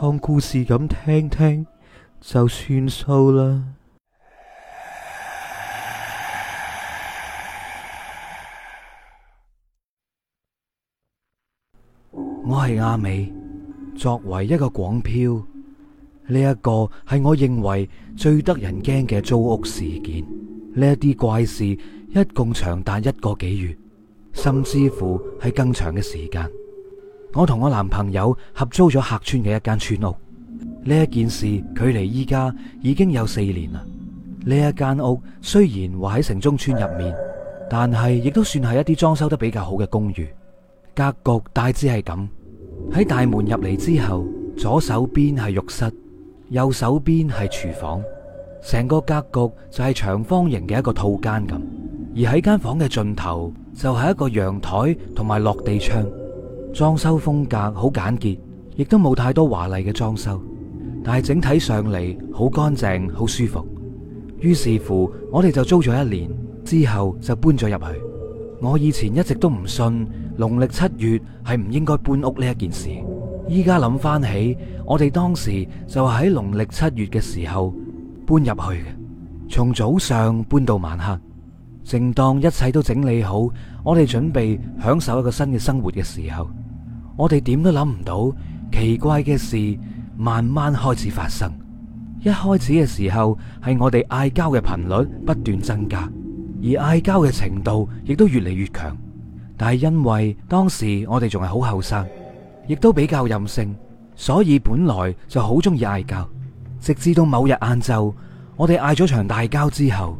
當故事咁聽聽就算數啦。 我係阿美，作為一個廣漂，呢、這、一個係我認為最得人驚嘅租屋事件。呢一啲怪事一共長達一個幾月，甚至乎係更長嘅時間。我同我男朋友合租咗客村嘅一間村屋，呢一件事距離依家已經有四年啦。呢一間屋雖然話喺城中村入面，但係亦都算係一啲裝修得比較好嘅公寓。格局大致係咁：喺大門入嚟之後，左手邊係浴室，右手邊係廚房，成個格局就係長方形嘅一個套間咁。而喺間房嘅盡頭就係一個陽台同埋落地窗。裝修風格好簡潔，亦都冇太多華麗嘅裝修，但係整體上嚟好乾淨、好舒服。於是乎，我哋就租咗一年，之後就搬咗入去。我以前一直都唔信農曆七月係唔應該搬屋呢一件事，依家諗翻起，我哋當時就係喺農曆七月嘅時候搬入去嘅，從早上搬到晚黑。正當一切都整理好，我哋準備享受一個新嘅生活嘅時候，我哋點都諗唔到奇怪嘅事慢慢開始發生。一開始嘅時候係我哋嗌交嘅頻率不斷增加，而嗌交嘅程度亦都越嚟越強。但係因為當時我哋仲係好後生，亦都比較任性，所以本來就好中意嗌交。直至到某日晏晝，我哋嗌咗場大交之後。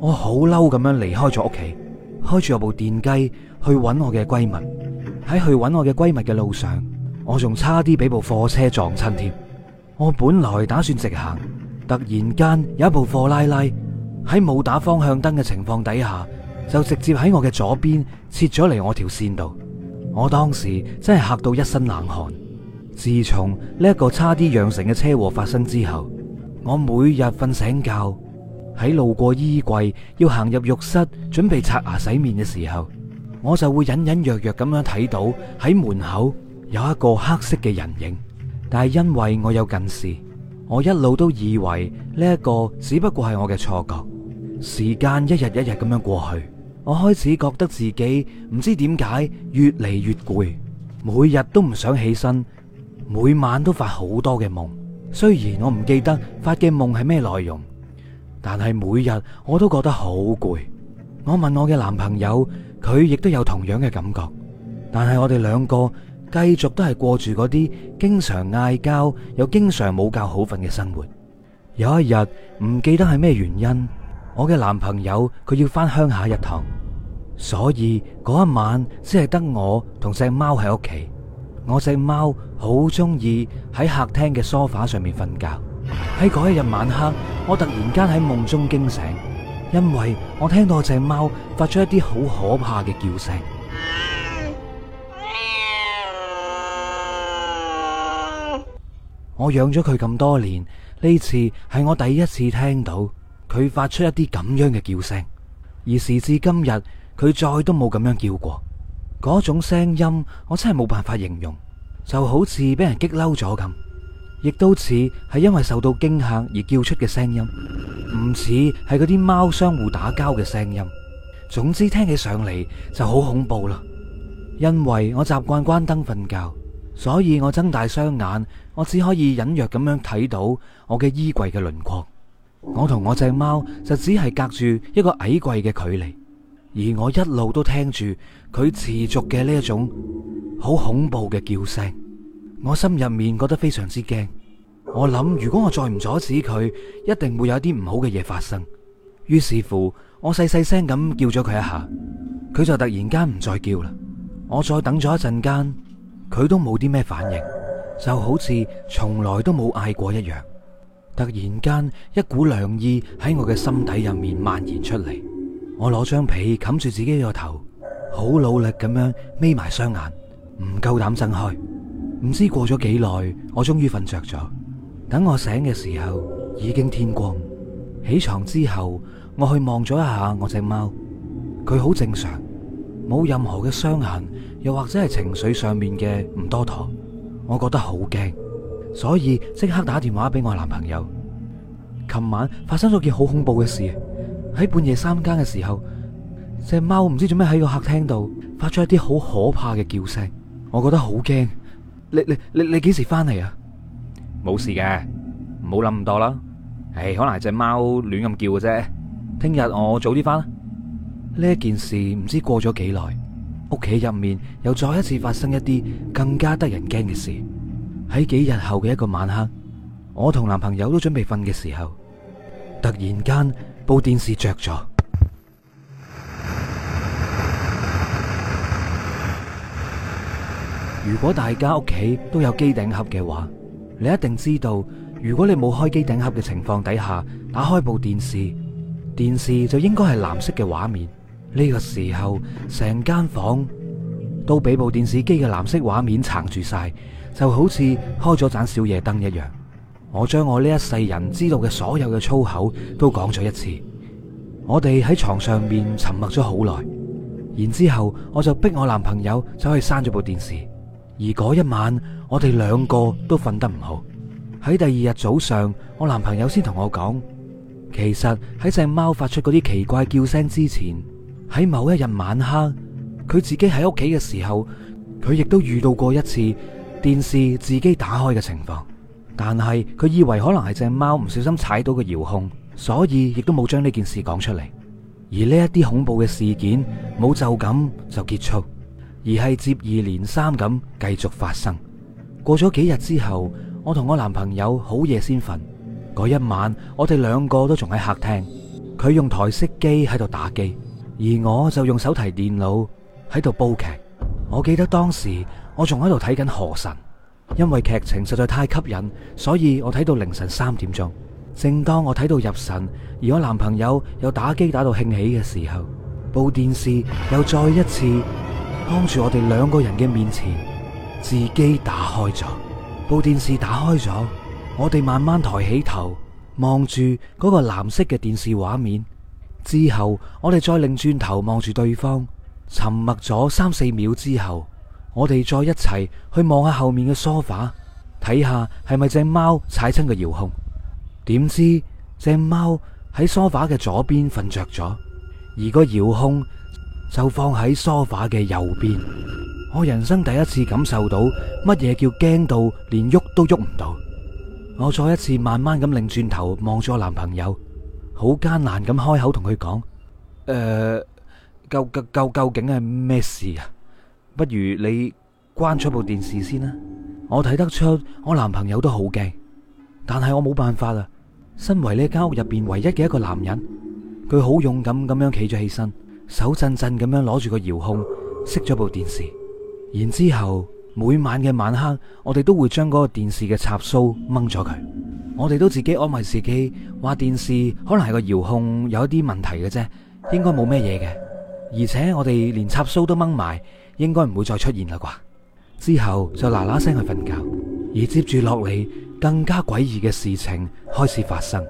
我好嬲咁樣離開咗屋企，開住部電雞去揾我嘅閨蜜。喺去揾我嘅閨蜜嘅路上，我仲差啲俾部貨車撞親添。我本來打算直行，突然間有一部貨拉拉喺冇打方向燈嘅情況底下，就直接喺我嘅左邊切咗嚟我條線度。我當時真係吓到一身冷汗。自從呢個差啲釀成嘅車禍發生之後，我每日瞓醒覺。喺路過衣櫃，要行入浴室，準備刷牙洗面嘅時候，我就會隱隱約約咁樣睇到喺門口有一個黑色嘅人影。但係因為我有近視，我一路都以為呢一個只不過係我嘅錯覺。時間一日一日咁樣過去，我開始覺得自己唔知點解越嚟越攰，每日都唔想起身，每晚都發好多嘅夢。雖然我唔記得發嘅夢係咩內容。但係每日我都覺得好攰，我問我嘅男朋友，佢亦都有同樣嘅感覺。但係我哋兩個繼續都係過住嗰啲經常嗌交又經常冇覺好瞓嘅生活。有一日唔記得係咩原因，我嘅男朋友佢要翻鄉下一趟，所以嗰一晚只係得我同隻貓喺屋企。我隻貓好中意喺客廳嘅梳化上面瞓覺。喺嗰一日晚黑。我突然間喺夢中驚醒，因為我聽到隻貓發出一啲好可怕嘅叫聲。我養咗佢咁多年，呢次係我第一次聽到佢發出一啲咁樣嘅叫聲。而時至今日，佢再都冇咁樣叫過。嗰種聲音，我真係冇辦法形容，就好似俾人激嬲咗咁。亦都似係因為受到驚吓而叫出嘅聲音，唔似係嗰啲貓相互打交嘅聲音。總之聽起上嚟就好恐怖啦。因為我習慣關燈瞓覺，所以我睜大雙眼，我只可以隱約咁樣睇到我嘅衣櫃嘅輪廓。我同我隻貓就只係隔住一個矮櫃嘅距離，而我一路都聽住佢持續嘅呢一種好恐怖嘅叫聲。我心入面覺得非常之驚，我諗如果我再唔阻止佢，一定會有啲唔好嘅嘢發生。於是乎，我細細聲咁叫咗佢一下，佢就突然間唔再叫啦。我再等咗一陣間，佢都冇啲咩反應，就好似從來都冇嗌過一樣。突然間，一股涼意喺我嘅心底入面蔓延出嚟。我攞張被冚住自己個頭，好努力咁樣眯埋雙眼，唔夠膽睜開。唔知過咗幾耐，我終於瞓着咗。等我醒嘅時候，已經天光。起床之後，我去望咗一下我隻貓，佢好正常，冇任何嘅傷痕，又或者係情緒上面嘅唔多妥。我覺得好驚，所以即刻打電話俾我男朋友。琴晚發生咗件好恐怖嘅事，喺半夜三更嘅時候，隻貓唔知做咩喺個客廳度發出一啲好可怕嘅叫聲。我覺得好驚。你你你你幾時翻嚟啊？冇事嘅，唔好諗咁多啦。唉，可能係隻貓亂咁叫嘅啫。聽日我早啲翻啦。呢一件事唔知過咗幾耐，屋企入面又再一次發生一啲更加得人驚嘅事。喺幾日後嘅一個晚黑，我同男朋友都準備瞓嘅時候，突然間部電視着咗。如果大家屋企都有機頂盒嘅話，你一定知道，如果你冇開機頂盒嘅情況底下，打開部電視，電視就應該係藍色嘅畫面。呢個時候，成間房都俾部電視機嘅藍色畫面撐住晒，就好似開咗盞小夜燈一樣。我將我呢一世人知道嘅所有嘅粗口都講咗一次，我哋喺床上面沉默咗好耐，然之後我就逼我男朋友走去閂咗部電視。而嗰一晚，我哋兩個都瞓得唔好。喺第二日早上，我男朋友先同我講，其實喺隻貓發出嗰啲奇怪叫聲之前，喺某一日晚黑，佢自己喺屋企嘅時候，佢亦都遇到過一次電視自己打開嘅情況。但係佢以為可能係隻貓唔小心踩到個遙控，所以亦都冇將呢件事講出嚟。而呢一啲恐怖嘅事件，冇就咁就結束。而係接二連三咁繼續發生。過咗幾日之後，我同我男朋友好夜先瞓。嗰一晚，我哋兩個都仲喺客廳，佢用台式機喺度打機，而我就用手提電腦喺度煲劇。我記得當時我仲喺度睇緊《河神》，因為劇情實在太吸引，所以我睇到凌晨三點鐘。正當我睇到入神，而我男朋友又打機打到興起嘅時候，部電視又再一次。當住我哋兩個人嘅面前，自己打開咗部電視，打開咗。我哋慢慢抬起頭望住嗰個藍色嘅電視畫面，之後我哋再擰轉，轉頭望住對方，沉默咗三四秒之後，我哋再一齊去望下後面嘅梳化，睇下係咪隻貓踩親個遙控。點知隻貓喺梳化嘅左邊瞓着咗，而個遙控。就放喺梳化嘅右邊。我人生第一次感受到乜嘢叫驚到連喐都喐唔到。我再一次慢慢咁擰轉頭望住我男朋友，好艱難咁開口同佢講：，誒、呃，究究究，究，究，究，究，究，究，究竟係咩事啊？不如你關咗部電視先啦。我睇得出我男朋友都好驚，但係我冇辦法啊。身為呢一間屋入邊唯一嘅一個男人，佢好勇敢咁樣企咗起身。手震震咁樣攞住個遙控，熄咗部電視。然之後每晚嘅晚黑，我哋都會將嗰個電視嘅插蘇掹咗佢。我哋都自己安慰自己，話電視可能係個遙控有一啲問題嘅啫，應該冇咩嘢嘅。而且我哋連插蘇都掹埋，應該唔會再出現啦啩。之後就嗱嗱聲去瞓覺。而接住落嚟，更加詭異嘅事情開始發生。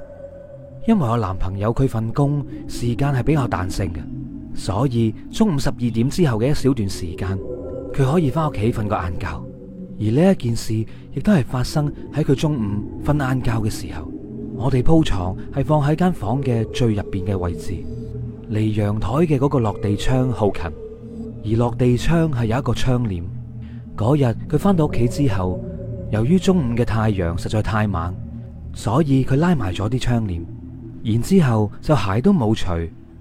因為我男朋友佢份工時間係比較彈性嘅。所以中午十二點之後嘅一小段時間，佢可以翻屋企瞓個晏覺。而呢一件事亦都係發生喺佢中午瞓晏覺嘅時候。我哋鋪床係放喺間房嘅最入邊嘅位置，離陽台嘅嗰個落地窗好近。而落地窗係有一個窗簾。嗰日佢翻到屋企之後，由於中午嘅太陽實在太猛，所以佢拉埋咗啲窗簾，然之後就鞋都冇除。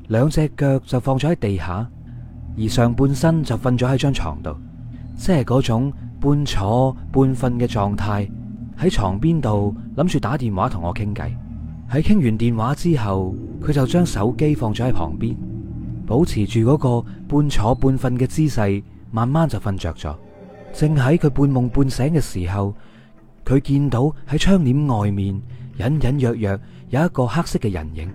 兩隻腳就放咗喺地下，而上半身就瞓咗喺張床度，即係嗰種半坐半瞓嘅狀態，喺床邊度諗住打電話同我傾偈。喺傾完電話之後，佢就將手機放咗喺旁邊，保持住嗰個半坐半瞓嘅姿勢，慢慢就瞓着咗。正喺佢半夢半醒嘅時候，佢見到喺窗簾外面隱隱約約有一個黑色嘅人影。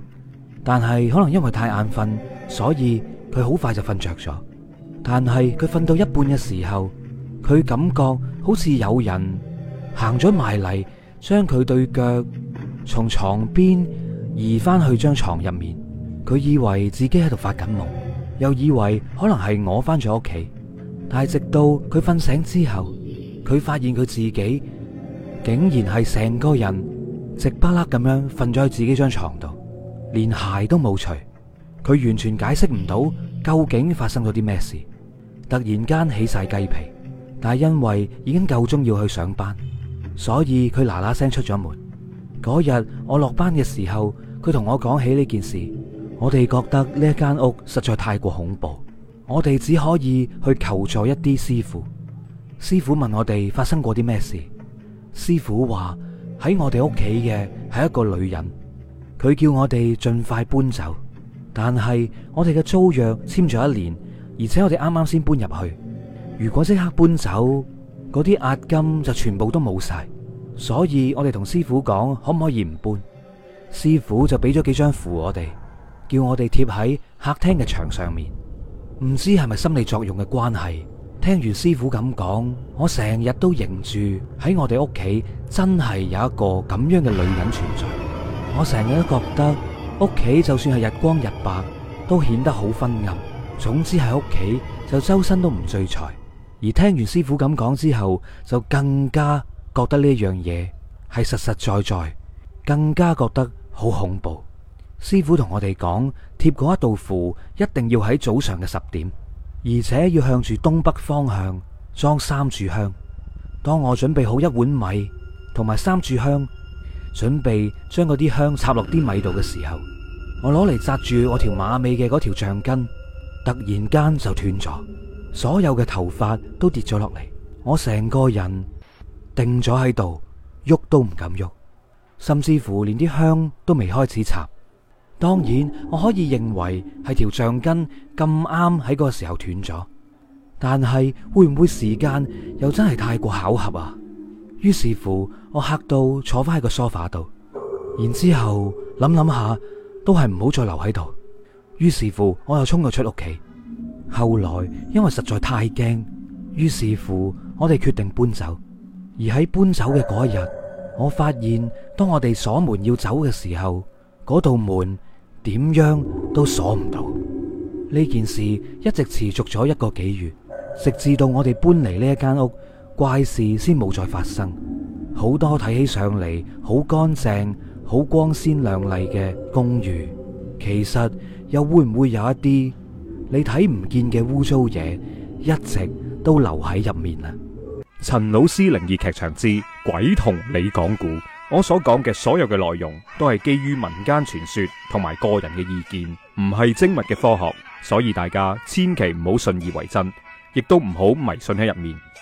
但係可能因為太眼瞓，所以佢好快就瞓着咗。但係佢瞓到一半嘅時候，佢感覺好似有人行咗埋嚟，將佢對腳從床邊移翻去張床入面。佢以為自己喺度發緊夢，又以為可能係我翻咗屋企。但係直到佢瞓醒之後，佢發現佢自己竟然係成個人直不甩咁樣瞓咗喺自己張床度。連鞋都冇除，佢完全解釋唔到究竟發生咗啲咩事。突然間起晒雞皮，但係因為已經夠鐘要去上班，所以佢嗱嗱聲出咗門。嗰日我落班嘅時候，佢同我講起呢件事，我哋覺得呢一間屋實在太過恐怖，我哋只可以去求助一啲師傅。師傅問我哋發生過啲咩事，師傅話喺我哋屋企嘅係一個女人。佢叫我哋盡快搬走，但係我哋嘅租約簽咗一年，而且我哋啱啱先搬入去。如果即刻搬走，嗰啲押金就全部都冇晒。所以我哋同師傅講，可唔可以唔搬？師傅就俾咗幾張符我哋，叫我哋貼喺客廳嘅牆上面。唔知係咪心理作用嘅關係，聽完師傅咁講，我成日都認住喺我哋屋企真係有一個咁樣嘅女人存在。我成日都覺得屋企就算係日光日白，都顯得好昏暗。總之喺屋企就周身都唔聚財。而聽完師傅咁講之後，就更加覺得呢樣嘢係實實在在，更加覺得好恐怖。師傅同我哋講，貼嗰一道符一定要喺早上嘅十點，而且要向住東北方向裝三炷香。當我準備好一碗米同埋三炷香。準備將嗰啲香插落啲米度嘅時候，我攞嚟紮住我條馬尾嘅嗰條橡筋，突然間就斷咗，所有嘅頭髮都跌咗落嚟，我成個人定咗喺度，喐都唔敢喐，甚至乎連啲香都未開始插。當然，我可以認為係條橡筋咁啱喺嗰個時候斷咗，但係會唔會時間又真係太過巧合啊？於是乎，我嚇到坐翻喺個梳化度，然之後諗諗下，都係唔好再留喺度。於是乎，我又衝咗出屋企。後來因為實在太驚，於是乎，我哋決定搬走。而喺搬走嘅嗰一日，我發現當我哋鎖門要走嘅時候，嗰道門點樣都鎖唔到。呢件事一直持續咗一個幾月，直至到我哋搬嚟呢一間屋。怪事先冇再發生。好多睇起上嚟，好乾淨、好光鮮亮麗嘅公寓，其實又會唔會有一啲你睇唔見嘅污糟嘢，一直都留喺入面呢？陳老師靈異劇場之鬼同你講故，我所講嘅所有嘅內容都係基於民間傳說同埋個人嘅意見，唔係精密嘅科學，所以大家千祈唔好信以為真，亦都唔好迷信喺入面。